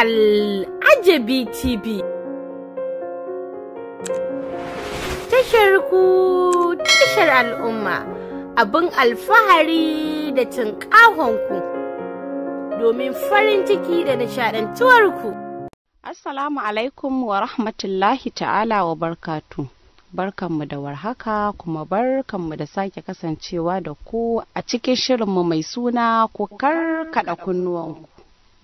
Al'ajabi TV. Tashar ku tashar al'umma abin alfahari da cin ku domin farin ciki da nishaɗantuwarku. Assalamu alaikum wa rahmatullahi ta'ala wa barkatu. Barkanmu da warhaka kuma barkanmu da sake kasancewa da ku a cikin shirinmu mai suna ku karkada kunnuwanku.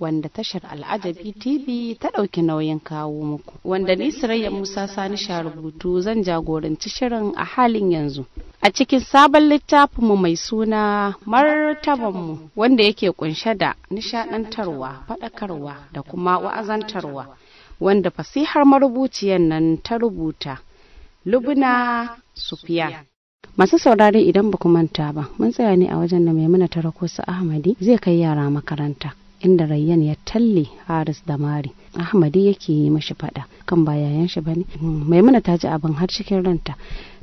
wanda tashar al'ajabi tv ta ɗauki nauyin kawo muku wanda ni sirayya musa sani sha rubutu zan jagoranci shirin a halin yanzu a cikin sabon littafinmu mai suna martabanmu wanda yake kunshe da nishadantarwa faɗakarwa da kuma wa'azantarwa wanda fasihar marubuciyar nan ta rubuta lubna Sufiya. masu saurari idan ba ku manta ba mun tsaya ne a wajen da maimuna ta rako su ahmadi zai kai yara makaranta inda rayyan ya talle haris da mari ahmadi yake yi mashi fada kan ba yayan shi bane maimuna ta ji abin har cikin ranta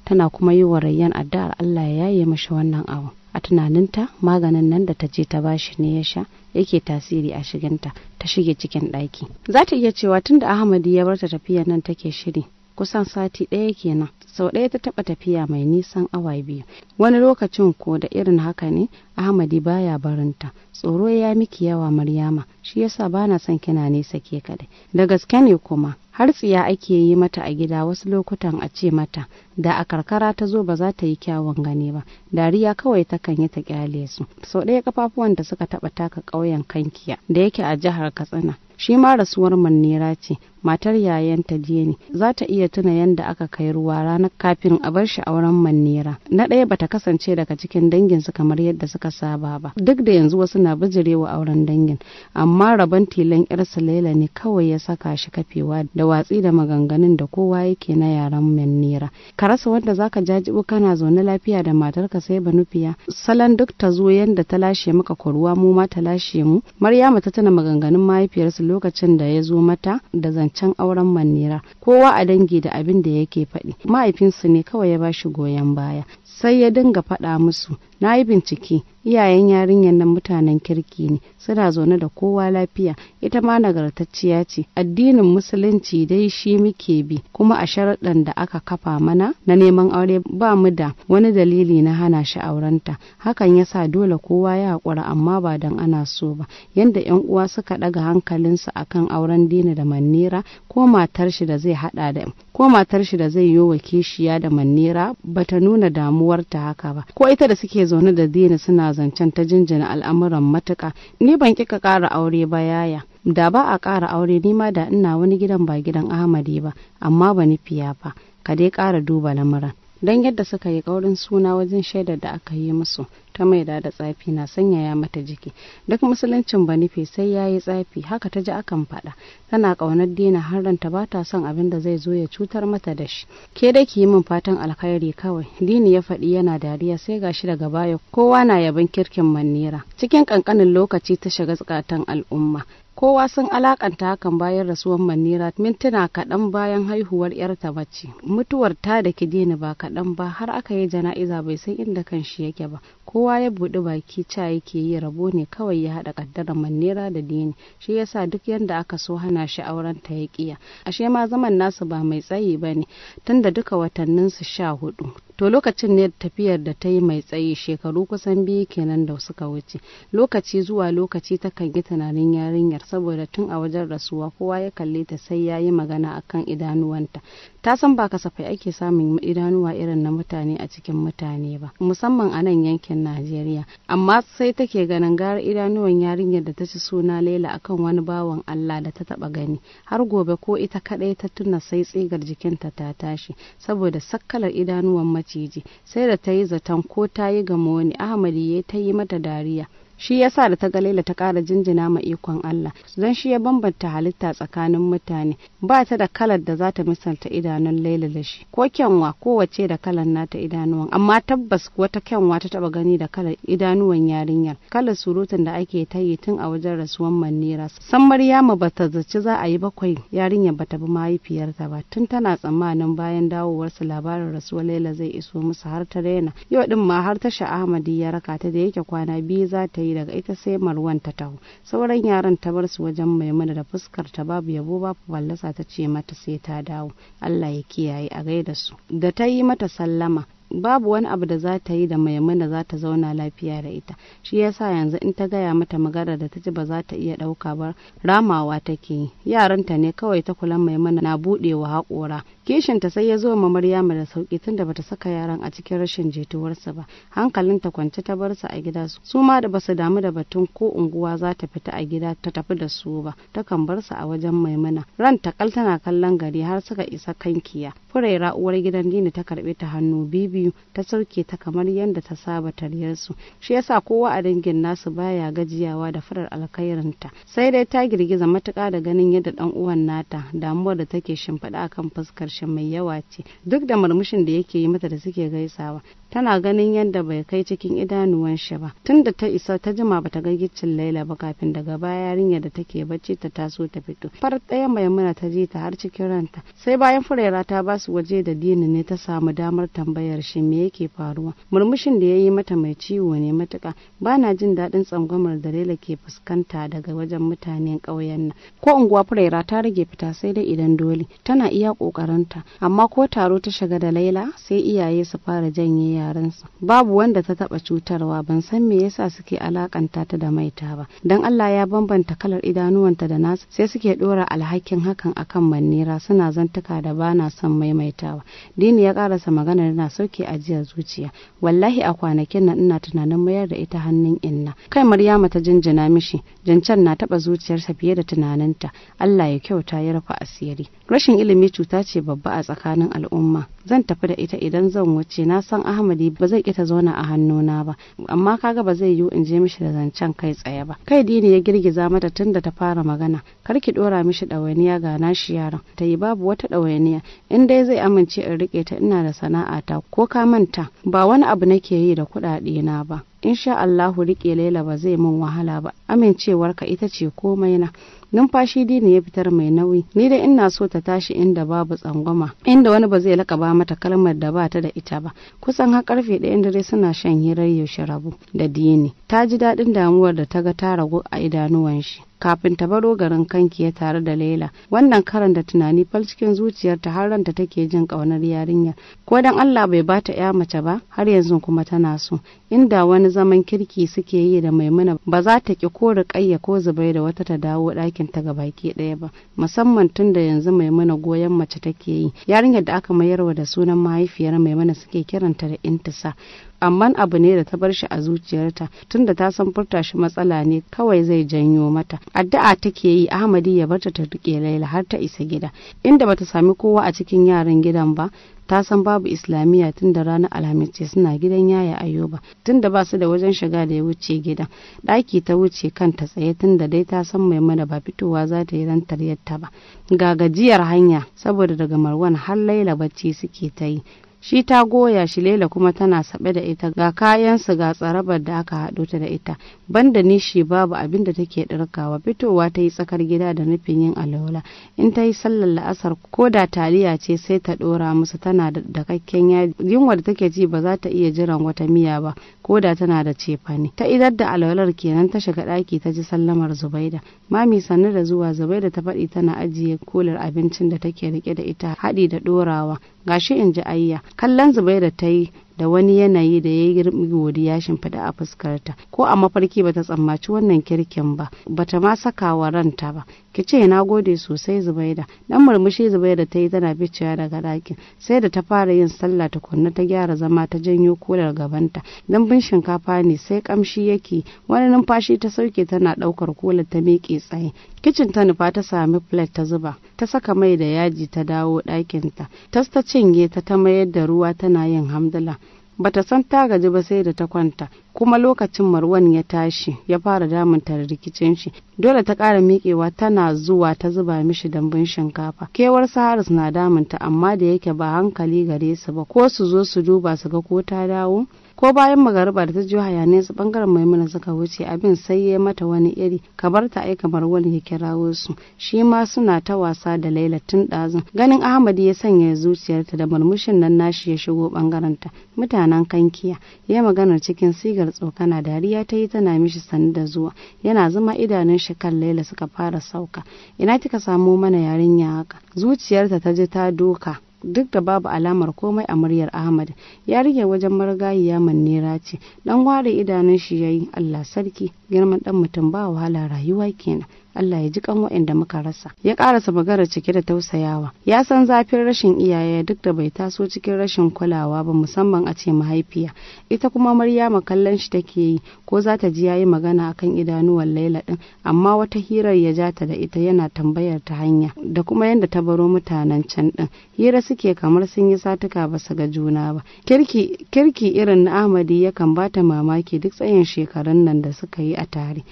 tana kuma yi wa rayyan addu'ar allah ya yaye mashi wannan abu a tunaninta maganin nan da ta je ta bashi ne ya sha yake tasiri a shiginta ta shige cikin ɗaki za ta iya cewa tunda ahmadi ya bar ta tafiya nan take shiri kusan sati ɗaya kenan sau ɗaya ta taɓa tafiya mai nisan awa biyu wani lokacin ko da irin haka ne ahmadi baya barinta tsoro ya miki yawa maryama shi yasa bana son kina nesa ke kaɗai da gaske ne kuma har tsiya ake yi mata a gida wasu lokutan a ce mata da a karkara ta zo ba za ta yi kyawun gani ba dariya kawai ta kan yi ta kyale su sau ɗaya kafafuwan da suka taɓa taka ƙauyen kankiya da yake a jihar katsina shi ma rasuwar mannera ce matar yayanta ne. za ta iya tuna yadda aka kai ruwa ranar kafin a bar shi auren mannera na ɗaya bata kasance daga cikin danginsu kamar yadda suka saba ba duk da yanzu wasu na bijirewa auren dangin amma rabon tilan yarsa laila ne kawai ya saka shi kafewa da watsi da maganganun da kowa yake na yaren nera. ka rasa wanda zaka jajibu kana zaune lafiya da matarka sai nufiya salon duk ta zo yadda ta lashe maka kuruwa mu ma ta lashe mu maryama ta tuna maganganun mahaifiyarsu lokacin da ya zo mata da zan can auren manira kowa a dangi da abin da yake faɗi mahaifinsu ne kawai ya bashi goyon baya sai ya dinga faɗa musu na yi bincike iyayen yarinyar nan mutanen kirki ne suna zaune da kowa lafiya ita ma nagartacciya ce addinin musulunci dai shi muke bi kuma a sharaɗan da aka kafa mana na neman aure ba mu da wani dalili na hana shi aurenta hakan ya sa dole kowa ya haƙura amma ba don ana so ba Yadda yan uwa suka ɗaga hankalinsu akan auren dini da mannera ko matar shi da zai haɗa da ko matar shi da zai yi wa kishiya da mannera bata nuna damu. damuwarta haka ba ko ita da suke zaune da dina suna zancen ta jinjina al'amuran matuka ni ban kika ƙara aure ba yaya da ba a ƙara aure ni ma da ina wani gidan ba gidan ahmadi ba amma ba ni fiya ba ka dai ƙara duba lamuran don yadda suka yi ƙaurin suna wajen shaidar da aka yi musu ta maida da tsafi na sanyaya mata jiki duk musuluncin ba nufi sai ya yi tsafi haka ta ji akan faɗa tana ƙaunar dina har ranta ba ta son abin da zai zo ya cutar mata da shi ke dai ki yi min fatan alkhairi kawai dini ya faɗi yana dariya sai gashi daga baya kowa na yabon kirkin manira cikin ƙanƙanin lokaci ta shiga tsakatan al'umma kowa sun alakanta hakan bayan rasuwar manira mintuna kaɗan bayan haihuwar yarta mace mutuwar ta da kidini ba kaɗan ba har aka yi jana'iza bai san inda kan shi yake ba kowa ya buɗi baki ca yake yi rabo ne kawai ya haɗa ƙaddarar manira da dini shi yasa duk yanda aka so hana shi auren ta ya ƙiya ashe ma zaman nasu ba mai tsayi ba ne tunda duka watannin su sha hudu to lokacin ne tafiyar da ta yi mai tsayi shekaru kusan biyu kenan da suka wuce lokaci zuwa lokaci takan yi tunanin yarinyar saboda tun a wajen rasuwa kowa ya kalle ta sai ya yi magana akan idanuwanta ta san ba kasafai ake samun idanuwa irin na mutane a cikin mutane ba musamman a nan yankin najeriya amma sai take ganin gara idanuwan yarinyar da ta ci suna laila akan wani bawan allah da ta taba gani har gobe ko ita kadai ta tuna sai tsigar jikinta ta tashi saboda sakkalar idanuwan maciji sai da ta yi zaton ko ta yi gamo ne ahmad ya ta yi mata dariya shi ya sa da ta ga ta ƙara jinjina ma ikon Allah zan shi ya bambanta halitta tsakanin mutane ba ta da kalar da za ta misalta idanun Laila da shi ko kyanwa ko wace da kalar nata idanuwan amma tabbas wata kyanwa ta taba gani da kalar idanuwan yarinyar kalar surutun da ake tayi tun a wajen rasuwan Manira san Maryama ta zaci za a yi bakwai yarinyar ba ta bi mahaifiyarta ba tun tana tsammanin bayan dawowarsa labarin rasuwar Laila zai iso musu har ta daina yau din ma har tasha Ahmadi ya raka ta da yake kwana biyu za ta yi daga ita sai marwan ta taho sauran yaran ta bar su wajen maimuna da fuskar ta babu yabo babu fallasa ta ce mata sai ta dawo allah ya kiyaye a gaida su da ta yi mata sallama babu wani abu da za ta yi da maimuna za ta zauna lafiya da ita shi yasa yanzu in ta gaya mata magana da ta ji ba za ta iya ɗauka ba ramawa take yi yaranta ne kawai ta kula maimuna na buɗewa haƙora Kishinta sai ya zo ma Maryamu da sauki tunda bata saka yaran a cikin rashin jituwarsa ba. Hankalin ta kwance ta bar su a gida su ma da basu damu da batun ko unguwa za ta fita a gida ta tafi da su ba. ta kan bar su a wajen Maimuna. Ran kal tana kallon gari har suka isa kankiya. Furaira uwar gidan Dini ta karbe ta hannu bibiyu ta sauke ta kamar yadda ta saba tariyar su. Shi yasa kowa a dangin nasu baya gajiyawa da farar alkhairinta. Sai dai ta girgiza matuka da ganin yadda dan uwan nata damuwar da take shimfiɗa akan fuskar murmushin mai yawa ce duk da murmushin da yake yi mata da suke gaisawa tana ganin yadda bai kai cikin idanuwan shi ba tun da ta isa ta jima bata ga giccin laila ba kafin daga baya yarinya da take bacci ta taso ta fito far ɗaya maimuna ta je ta har cikin ranta sai bayan furera ta ba su waje da dini ne ta samu damar tambayar shi me yake faruwa murmushin da ya yi mata mai ciwo ne matuka na jin daɗin tsangwamar da laila ke fuskanta daga wajen mutanen ƙauyen nan ko unguwa furera ta rage fita sai dai idan dole tana iya ƙoƙarinta amma ko taro ta shiga da laila sai iyaye su fara janye yarensu babu wanda ta taba cutarwa ban san me yasa suke alakanta ta da maita ba dan Allah ya bambanta kalar idanuwanta da nasu sai suke dora alhakin hakan akan mannera suna zantuka da bana son maimaitawa dini ya karasa maganar na sauke ajiya zuciya wallahi a kwanakin nan ina tunanin mayar da ita hannun inna kai maryama ta jinjina mishi jancan na taba zuciyarsa fiye da tunaninta Allah ya kyauta ya rufa asiri rashin ilimi cuta ce babba a tsakanin al'umma zan tafi da ita idan zan wuce na san Ahmad family ba zai ta zauna a hannuna ba amma kaga ba zai yiwu in je mishi da zancen kai tsaye ba kai dini ya girgiza mata tun da ta fara magana kar ki dora mishi ɗawainiya ga nashi yaron. ta yi babu wata ɗawainiya in dai zai amince in rike ta ina da sana'a ta, ko ka manta ba wani abu nake yi da kuɗaɗe na ba sha Allahu rike Laila ba zai min wahala ba amincewarka ita ce komai na numfashi dina ya fitar mai nauyi ni dai ina so ta tashi inda babu tsangwama inda wani ba zai lakaba mata kalmar da bata da ita ba kusan har karfe ɗayan dare suna shan hirar yaushe rabu da dini ta ji daɗin damuwar da ta ga ta ragu a idanuwan shi kafin ta baro garin kanki ya tare da laila wannan karan da tunani fal cikin zuciyarta har ranta take jin ƙaunar yarinya ko dan allah bai bata ya mace ba har yanzu kuma tana so inda wani zaman kirki suke yi da maimuna ba za ta ki ko riƙayya ko zubai da wata ta dawo ɗakin ta gabaki ɗaya ba musamman tun da yanzu maimuna goyon mace take yi yarinyar da aka mayarwa da sunan mahaifiyar maimuna suke kiranta da intisa amma abu ne da ta bar shi a zuciyarta tunda ta san furta shi matsala ne kawai zai janyo mata addu'a take yi ahmadi ya barta ta rike laila har ta isa gida inda bata sami kowa a cikin yaran gidan ba ta san babu islamiyya tun da ranar alhamis suna gidan yaya ayoba tun da ba su da wajen shiga da ya wuce gidan ɗaki ta wuce kanta tsaye tun da dai ta san mai mana ba fitowa za ta yi ran yadda ba ga gajiyar hanya saboda daga marwan har laila bacci suke ta yi shi ta goya shi lela kuma tana saɓe da ita ga kayansa ga tsarabar da aka haɗo ta da ita banda nishi babu abin da take ɗirkawa fitowa ta yi tsakar gida da nufin yin alaula in ta yi sallar la'asar ko da taliya ce sai ta ɗora musu tana da dakakken yaji yunwa da take ji ba za ta iya jiran wata miya ba ko da tana da cefane ta idar da alaular kenan ta shiga ɗaki ta ji sallamar zubaida mami sannu da zuwa zubaida ta faɗi tana ajiye kolar abincin da take rike da ita haɗi da ɗorawa gashi in ji ayya kallon zubaida ta yi da wani yanayi da ya yi godiya shimfiɗa a fuskarta ko a mafarki bata tsammaci wannan kirkin ba bata ma saka wa ranta ba ki ce na gode sosai zubaida dan murmushi zubaida ta yi tana ficewa daga ɗakin sai da ta fara yin sallah tukunna ta gyara zama ta janyo kolar gabanta dambun shinkafa ne sai kamshi yake wani numfashi ta sauke tana ɗaukar kolar ta miƙe tsaye kicin ta nufa ta sami flat ta zuba ta saka mai da yaji ta dawo ɗakinta Tasta ta cinye ta ta mayar da ruwa tana yin hamdala bata san ta gaji ba sai da ta kwanta kuma lokacin marwan ya tashi ya fara damunta da rikicin shi dole ta ƙara miƙewa tana zuwa ta zuba mishi dambun shinkafa kewar saharis na damunta amma da yake ba hankali gare su ba ko su zo su duba su ga ko ta dawo ko bayan magariba da ta ji hayaniyar su bangaren maimuna suka wuce abin sai ya mata wani iri ka bar ta ai kamar wani ya kirawo su shi ma suna ta wasa da laila tun ɗazun ganin ahmad ya sanya zuciyarta da murmushin nan nashi ya shigo bangaren ta mutanen kankiya ya maganar cikin sigar tsokana dariya ta yi tana mishi sani da zuwa yana zama idanun shi kan laila suka fara sauka ina kika samo mana yarinya haka zuciyarta ta ji ta doka duk da babu alamar komai a muryar ahmad ya rige wajen marigayiya mannera ce dan ware idanun shi yayi allah sarki girman dan mutum ba wahala rayuwa kenan Allah ya ji kan waɗanda muka rasa ya karasa magana cike da tausayawa ya san zafin rashin iyaye duk da bai taso cikin rashin kulawa ba musamman a ce mahaifiya ita kuma Maryama kallon shi take yi ko za ta ji yi magana akan idanuwan Laila din amma wata hirar ya ja ta da ita yana tambayar ta hanya da kuma yadda ta baro mutanen can ɗin, hira suke kamar sun yi satuka ba su ga juna ba kirki kirki irin na Ahmadi yakan bata mamaki duk tsayin shekarun nan da suka yi a tare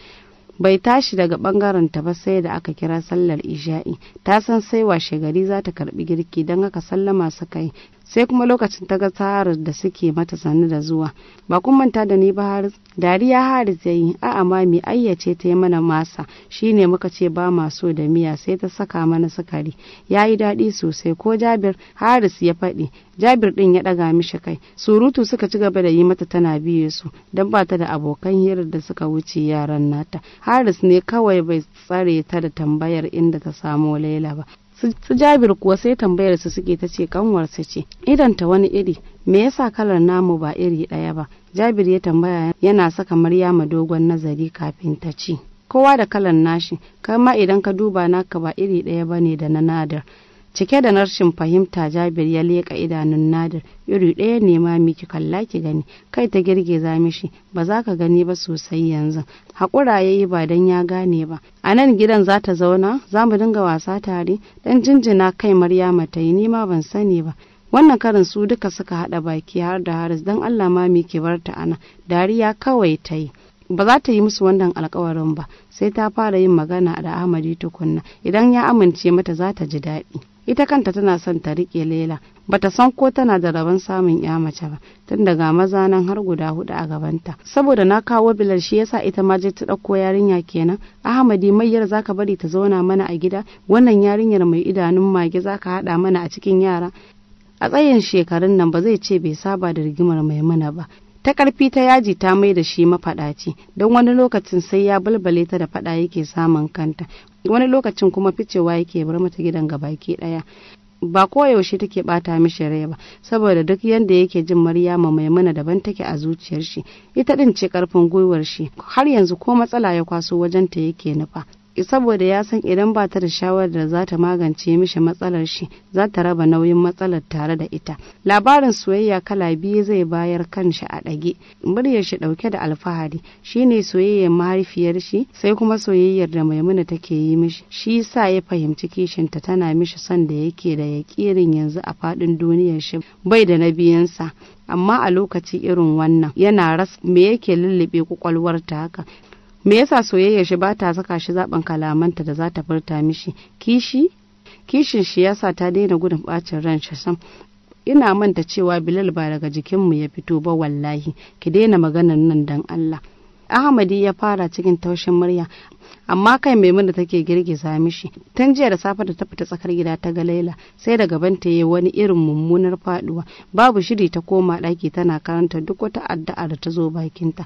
bai tashi daga bangaren ta ba sai da aka kira sallar isha'i ta san sai washe gari za ta karbi girki don haka sallama suka yi sai kuma lokacin ta ga Haris da suke mata sannu da zuwa ba kun manta da ni ba Haris dariya Haris zai yi a'a mami ayyace ta yi mana masa shine muka ce ba ma so da miya sai ta saka mana sukari yi daɗi sosai ko Jabir Haris ya faɗi Jabir ɗin ya ɗaga mishi kai surutu suka ci gaba da yi mata tana biye su don ba ta da abokan hirar da suka wuce yaran nata Haris ne kawai bai tsare ta da tambayar inda ta samo Laila ba su jabir kuwa sai tambayar su suke ta ce kanwarsa ce idan ta wani iri me yasa kalar namu ba iri ɗaya ba jabir ya tambaya yana saka maryama dogon nazari kafin ta ce kowa da kalar nashi kama idan ka duba naka ba iri ɗaya ba ne da na nadar cike da narshin fahimta jabir ya leƙa idanun nadir iri ɗaya ne ma miki kalla ki gani kai ta za mishi ba za ka gani ba sosai yanzu haƙura ya yi ba don ya gane ba a nan gidan za ta zauna za mu dinga wasa tare dan jinjina kai Marya ta yi nima ban sani ba wannan karin su duka suka haɗa baki har da haris don allah ma miki bar ta ana dariya kawai ta yi ba za ta yi musu wannan alkawarin ba sai ta fara yin magana da ahmadi tukunna idan ya amince mata za ta ji daɗi ita kanta tana son ta riƙe lela bata san ko tana da rabon samun ya mace ba tun daga maza nan har guda hudu a gabanta saboda na kawo bilal shi yasa ita ma je ta ɗauko yarinya kenan ahmadi mayyar zaka bari ta zauna mana a gida wannan yarinyar mai idanun mage zaka hada mana a cikin yara a tsayin shekarun nan ba zai ce bai saba da rigimar maimuna ba ta karfi ta yaji ta mai da shi mafaɗaci don wani lokacin sai ya balbale ta da faɗa yake samun kanta wani lokacin kuma ficewa yake bar mata gidan ga baki ɗaya ba koyaushe take bata mishi rai ba saboda duk yadda yake jin maryama maimuna daban take a zuciyar shi ita din ce karfin gwiwar shi har yanzu ko matsala ya kwaso wajen ta yake nufa saboda ya san idan ba ta da shawarar da za ta magance mishi matsalar shi za ta raba nauyin matsalar tare da ita labarin soyayya kala biyu zai bayar kanshi a ɗage muryar shi ɗauke da alfahari shine soyayyar mahaifiyar shi sai kuma soyayyar da maimuna take yi mishi shi sa ya fahimci kishinta tana mishi son da yake da yaƙirin yanzu a faɗin duniyar shi bai da na biyansa amma a lokaci irin wannan yana ras me yake lullube kwakwalwarta haka me yasa soyayyar shi ba ta saka shi zaben kalamanta da za ta furta mishi kishi kishin shi yasa ta daina gudun bacin ran shi sam ina manta cewa bilal ba daga jikinmu ya fito ba wallahi ki daina maganar nan dan Allah Ahmadi ya fara cikin taushin murya amma kai maimuna take girgiza mishi tun jiya da safe da ta fita tsakar gida ta ga laila sai da gaban ta yi wani irin mummunar faduwa babu shiri ta koma daki tana karanta duk wata addu'a da ta zo bakinta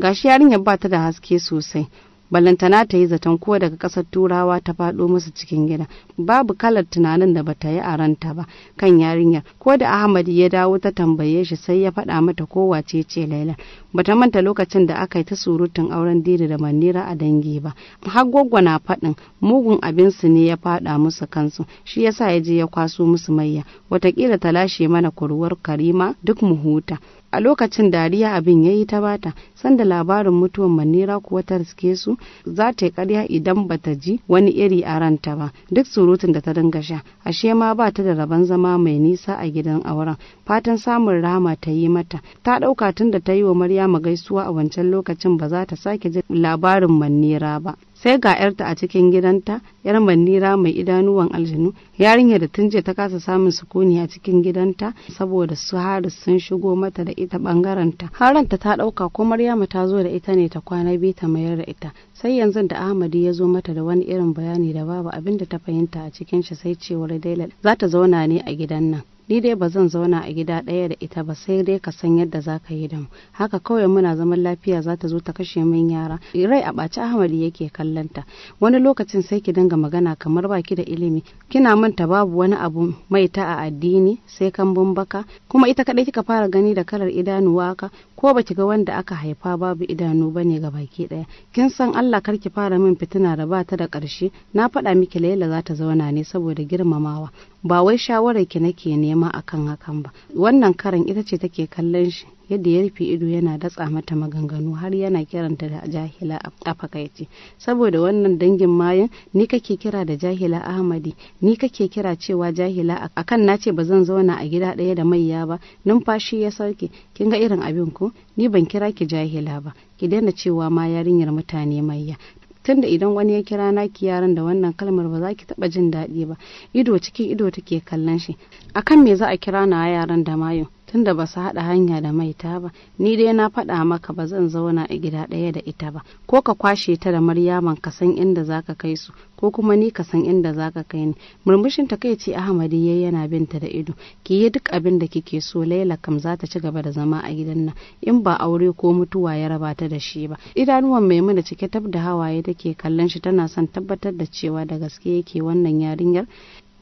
gashi yarinyar ba ta da haske sosai balantana ta yi zaton ko daga ƙasar turawa ta faɗo musu cikin gida babu kalar tunanin da bata yi a ranta ba kan yarinyar ko da ahmad ya dawo ta tambaye shi sai ya faɗa mata ko wace ce laila bata manta lokacin da aka yi ta surutun auren didi da manira a dangi ba har na faɗin mugun abinsu ne ya faɗa musu kansu shi yasa ya je ya kwaso musu mayya watakila ta lashe mana kuruwar karima duk mu huta a lokacin dariya abin ya yi ta bata sanda labarin mutuwan manira kuwa ta riske su za ta yi karya idan ba ta ji wani iri a ranta ba duk surutun da ta dinga sha ashe ma ba ta da rabon zama mai nisa a gidan auren fatan samun rama ta yi mata ta ɗauka tun da ta yi wa maryama gaisuwa a wancan lokacin ba za ta sake jin labarin manira ba sai ga yarta a cikin gidanta yar manira mai idanuwan aljinu yarinya da tun ta kasa samun sukuni a cikin gidanta saboda su haris sun shigo mata da ita bangaranta haranta ta dauka ko maryama ta zo da ita ne ta kwana biyu ta mayar da ita sai yanzu da ahmadi ya zo mata da wani irin bayani da babu abin da ta fahimta a cikin shi sai cewar dailal za ta zauna ne a gidan nan ni dai ba zan zauna a gida ɗaya da ita ba sai dai ka san yadda za ka yi da mu haka kawai muna zaman lafiya za ta zo ta kashe min yara rai a ɓaci ahmad yake kallanta wani lokacin sai ki dinga magana kamar ba ki da ilimi kina manta babu wani abu mai ta a addini sai kan baka kuma ita kaɗai kika fara gani da kalar idanu waka? ko ba ki ga wanda aka haifa babu idanu ba ne ga baki ɗaya kin san Allah kar ki fara min fitina da ba ta da ƙarshe na faɗa miki Laila za ta zauna ne saboda girmamawa ba wai shawarar ki nake nema akan hakan ba wannan karan ita ce take kallon shi yadda ya rufe ido yana datsa mata maganganu har yana kiranta da jahila a fakaice saboda wannan dangin mayan ni kake kira da jahila ahmadi ni kake kira cewa jahila akan na ce ba zan zauna a gida ɗaya da maiya ba numfashi ya sauke kin ga irin abin ko ni ban kira ki jahila ba ki daina cewa ma yarinyar mutane maiya tunda idan wani ya kira naki yaran da wannan kalmar ba za ki taba jin daɗi ba ido cikin ido take kallon shi akan me za a kira na yaran da mayo tunda ba su haɗa hanya da maita ba ni dai na faɗa maka ba zan zauna a gida ɗaya da ita ba ko ka kwashe ta da maryaman ka san inda za ka kai su ko kuma ni ka san inda za ka kai ni murmushin ta kai ce ahmadi yayi yana binta da ido ki yi duk abin da kike so laila kam za ta ci gaba da zama a gidan nan in ba aure ko mutuwa ya raba ta da shi ba idanuwan maimuna cike tab da hawaye take kallon shi tana son tabbatar da cewa da gaske yake wannan yarinyar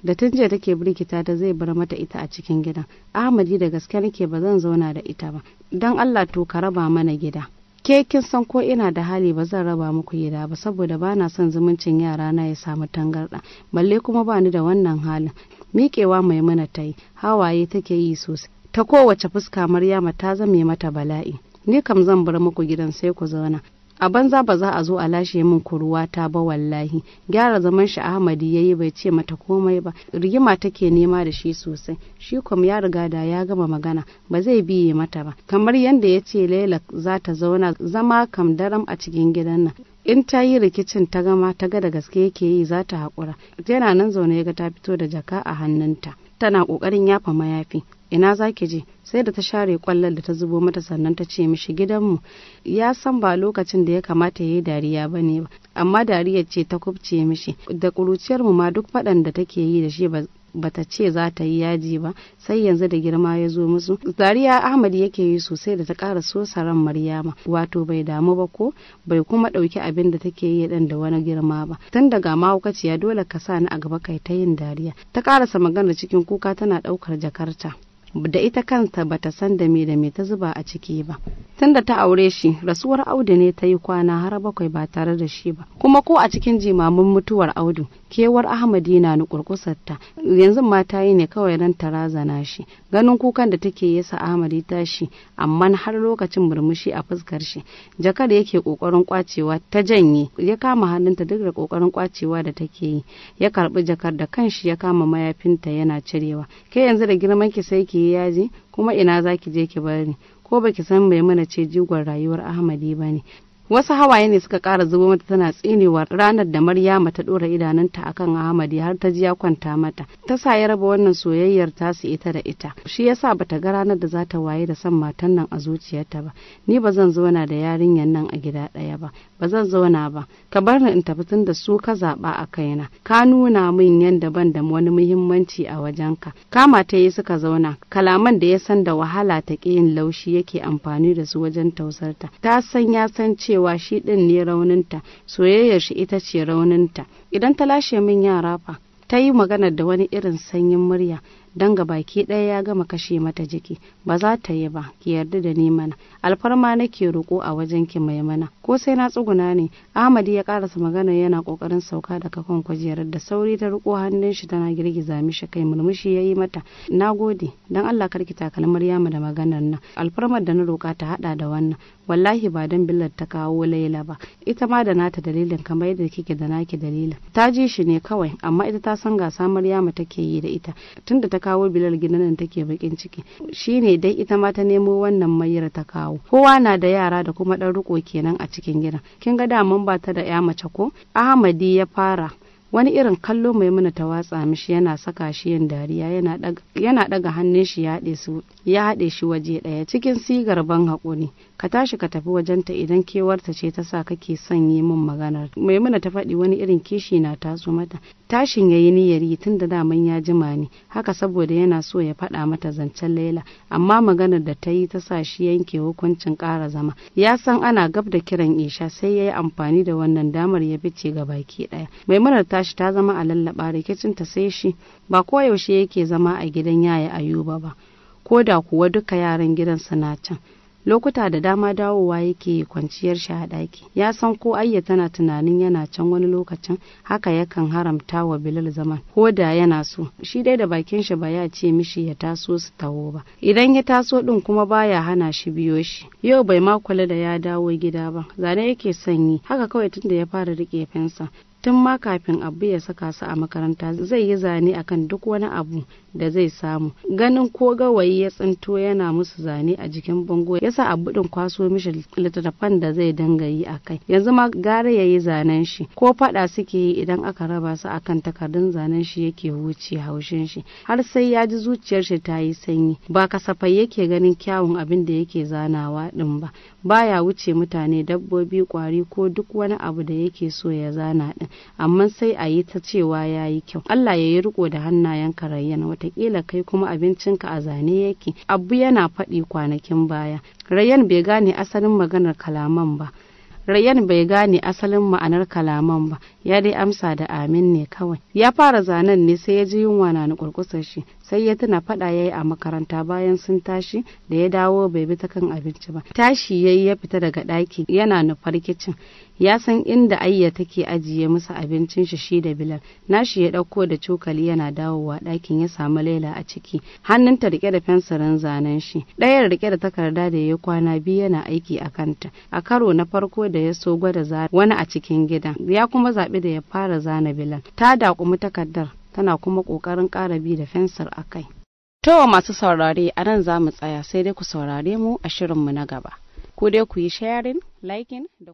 da tun jiya take birkita da zai bar mata ita a cikin gidan ahmadi da gaske nake ba zan zauna da ita ba don allah to ka raba mana gida ke kin san ko ina da hali ba zan raba muku gida ba saboda ba na son zumuncin yara na ya samu tangarɗa balle kuma ba ni da wannan halin miƙewa maimuna ta yi hawaye take yi sosai ta kowace fuska maryama ta zame mata bala'i ni kam zan bar muku gidan sai ku zauna a banza ba za a zo a lashe min kuruwata ba wallahi gyara zaman shi ahmadi ya yi bai ce mata komai ba rigima take nema da shi sosai shi kuma ya riga da ya gama magana ba zai biye mata ba kamar yadda ya ce laila za ta zauna zama kam daram a cikin gidan nan in ta yi rikicin ta gama ta ga da gaske yake yi za ta haƙura yana nan zaune ya ga ta fito da jaka a hannunta tana ƙoƙarin yafa mayafi ina za ki je sai da ta share kwallon da ta zubo mata sannan ta ce mishi gidanmu ya san ba lokacin da ya kamata ya yi dariya ba ne ba amma dariyar ce ta kubce mishi da kuruciyar mu ma duk faɗan da take yi da shi ba ta ce za ta yi yaji ba sai yanzu da girma ya zo musu dariya ahmad yake yi sosai da ta ƙara so saran maryama wato bai damu ba ko bai kuma ɗauki abin da take yi dan da wani girma ba tun daga mahaukaciya dole ka sa ni a gaba kai ta yin dariya ta ƙarasa maganar cikin kuka tana ɗaukar jakarta da ita kanta ba ta san da me da me ta zuba a ciki ba tunda ta aure shi rasuwar audu ne ta yi kwana har bakwai ba tare da shi ba kuma ko a cikin jimamin mutuwar audu kewar ahmadi ahmad ni ta yanzu mata yi ne kawai ran tarazana shi ganin kukan da take yasa ahmadi ya tashi amma har lokacin murmushi a fuskar shi jakar yake kokarin kwacewa ta janye ya kama hannunta duk da kokarin kwacewa da take yi ya karbi jakar da kanshi ya kama mayafinta yana cirewa ke yanzu da girman ki sai ki yi yaji kuma ina zaki je ki bari ko baki san mai mana ce jigon rayuwar ahmadi ba ne wasu hawaye ne suka kara zubo mata tana tsinewa ranar da maryama ta dora idanunta akan ahmadi har ta ji ya kwanta mata ta sa ya raba wannan soyayyar tasu ita da ita shi yasa bata ga ranar da za ta waye da san matan nan a zuciyarta ba ni ba zan zauna da yarinyar nan a gida ɗaya ba ba zan zauna ba ka bar ni in tafi tun da su ka zaɓa a kaina ka nuna min yadda ban da wani muhimmanci a wajenka kama ta yi suka zauna kalaman da ya san da wahala ta ƙi yin laushi yake amfani da su wajen tausarta ta san ya san cewa cewa shi ɗin ne rauninta soyayyar shi ita ce rauninta idan ta lashe min yara fa ta yi magana da wani irin sanyin murya don ga baki ɗaya ya gama kashe mata jiki ba za ta yi ba ki yarda da ni mana alfarma nake roƙo a wajen ki mai mana ko sai na tsuguna ne ahmad ya karasa magana yana kokarin sauka daga kan kujerar da sauri ta riƙo hannun shi tana girgiza mishi kai murmushi ya yi mata na gode don allah karki takalmar yama da maganar nan alfarmar da na roƙa ta haɗa da wannan wallahi ba don billar ta kawo laila ba ita ma da nata dalilin kamar yadda kike da naki dalilin ta ji shi ne kawai amma ita ta san gasa maryama take yi da ita tunda ta kawo bilal gidan nan take bakin ciki shine dai ita ma ta nemo wannan mayar ta kawo kowa na da yara da kuma dan riko kenan a cikin gidan kin ga daman ba ta da ya mace ko ahmadi ya fara wani irin kallo mai muna ta watsa mishi yana saka shi yin dariya yana daga hannun shi ya haɗe shi waje ɗaya cikin sigar ban haƙuri ka tashi ka tafi wajenta idan kewarta ce ta sa kake son yi min maganar maimuna ta faɗi wani irin kishi na taso mata tashin ya yi niyyar yi tun da daman ya jima ne haka saboda yana so ya faɗa mata zancen laila amma maganar da ta yi ta sa shi yanke hukuncin ƙara zama ya san ana gab da kiran isha sai ya yi amfani da wannan damar ya fice ga baki ɗaya maimunar tashi ta zama a lallaɓa rikicinta sai shi ba koyaushe yake zama a gidan yaya ayuba ba ko da kuwa duka yaran gidansa na can lokuta da dama dawowa yake kwanciyar shi a ɗaki ya san ko ayya tana tunanin yana can wani lokacin haka yakan haramta wa bilal zaman ko da yana so shi dai da bakin shi ba ya ce mishi ya taso su taho ba idan ya taso din kuma baya hana shi biyo shi yau bai ma kula da ya dawo gida ba zane yake sanyi haka kawai tunda ya fara rike fensa tun ma kafin abu ya saka su a makaranta zai yi zane a kan duk wani abu da zai samu ganin ko gawayi ya tsinto yana musu zane a jikin bango sa abu din kwaso mishi littattafan da zai danga yi a kai yanzu ma gara ya yi zanen shi ko fada suke yi idan aka raba su a kan takardun zanen shi yake wuce haushin shi har sai ya ji zuciyar shi ta yi sanyi ba kasafai yake ganin kyawun abin da yake zanawa din ba baya wuce mutane dabbobi kwari ko duk wani abu da yake so ya zana din amma sai a yi ta cewa ya yi kyau Allah ya yi riko da hannayen ka rayyana watakila kai kuma abincinka a zane yake abu yana faɗi kwanakin baya rayyan bai gane asalin maganar kalaman ba Rayyan bai gane asalin ma'anar kalaman ba, ya dai amsa da amin ne kawai. Ya fara zanen ne sai ya ji yunwa na nukurkusar shi, sai ya tuna faɗa ya yi a makaranta bayan sun tashi da ya dawo bai bi ta kan abinci ba tashi ya yi ya fita daga ɗaki yana nufar kicin ya san inda ayya take ajiye masa abincin shi shi da bilal nashi ya ɗauko da cokali yana dawowa ɗakin ya samu laila a ciki hannunta rike da fensirin zanen shi ɗayar rike da takarda da ya kwana biyu yana aiki a kanta a karo na farko da ya so gwada wani a cikin gidan ya kuma zaɓi da ya fara zana bilal ta daƙumi takardar tana kuma ƙoƙarin ƙara bi da fensir a kai. To masu saurare a nan za mu tsaya sai dai ku saurare mu a shirinmu na gaba. Ku dai ku yi sharing, liking da